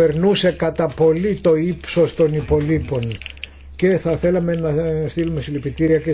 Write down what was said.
περνούσε κατά πολύ το ύψος των υπολείπων και θα θέλαμε να στείλουμε συλληπιτήρια και